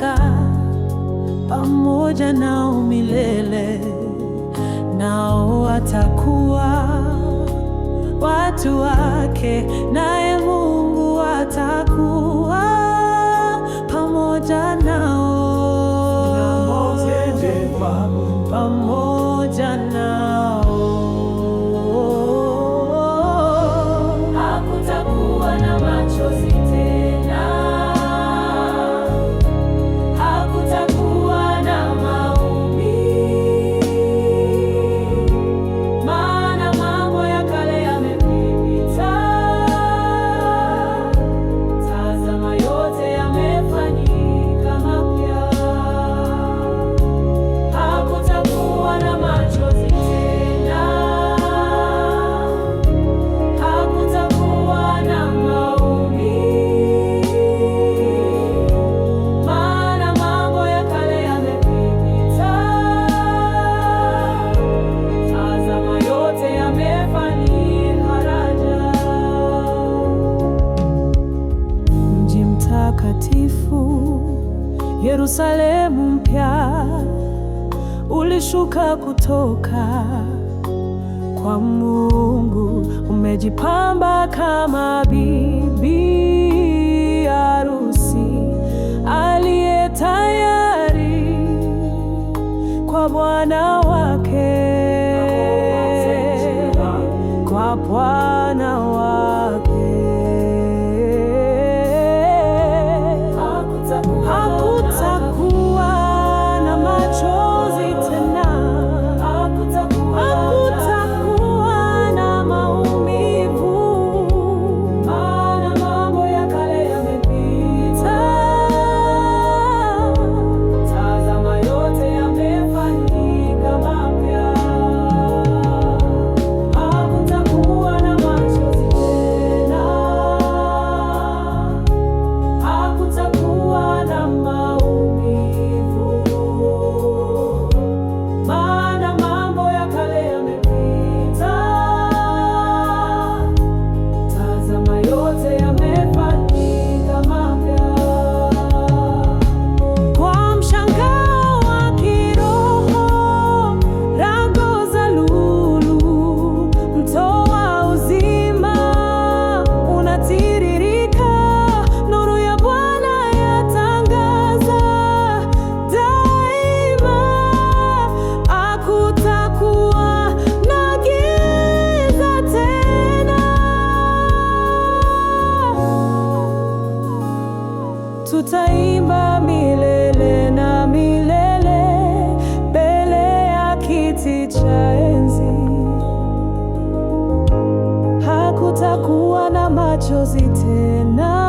kukaa pamoja nao milele, nao watakuwa watu wake naye Yerusalemu mpya ulishuka kutoka kwa Mungu, umejipamba kama bibi arusi aliye tayari kwa bwana wake kwa tutaimba milele na milele mbele ya kiti cha enzi. Hakutakuwa na machozi tena.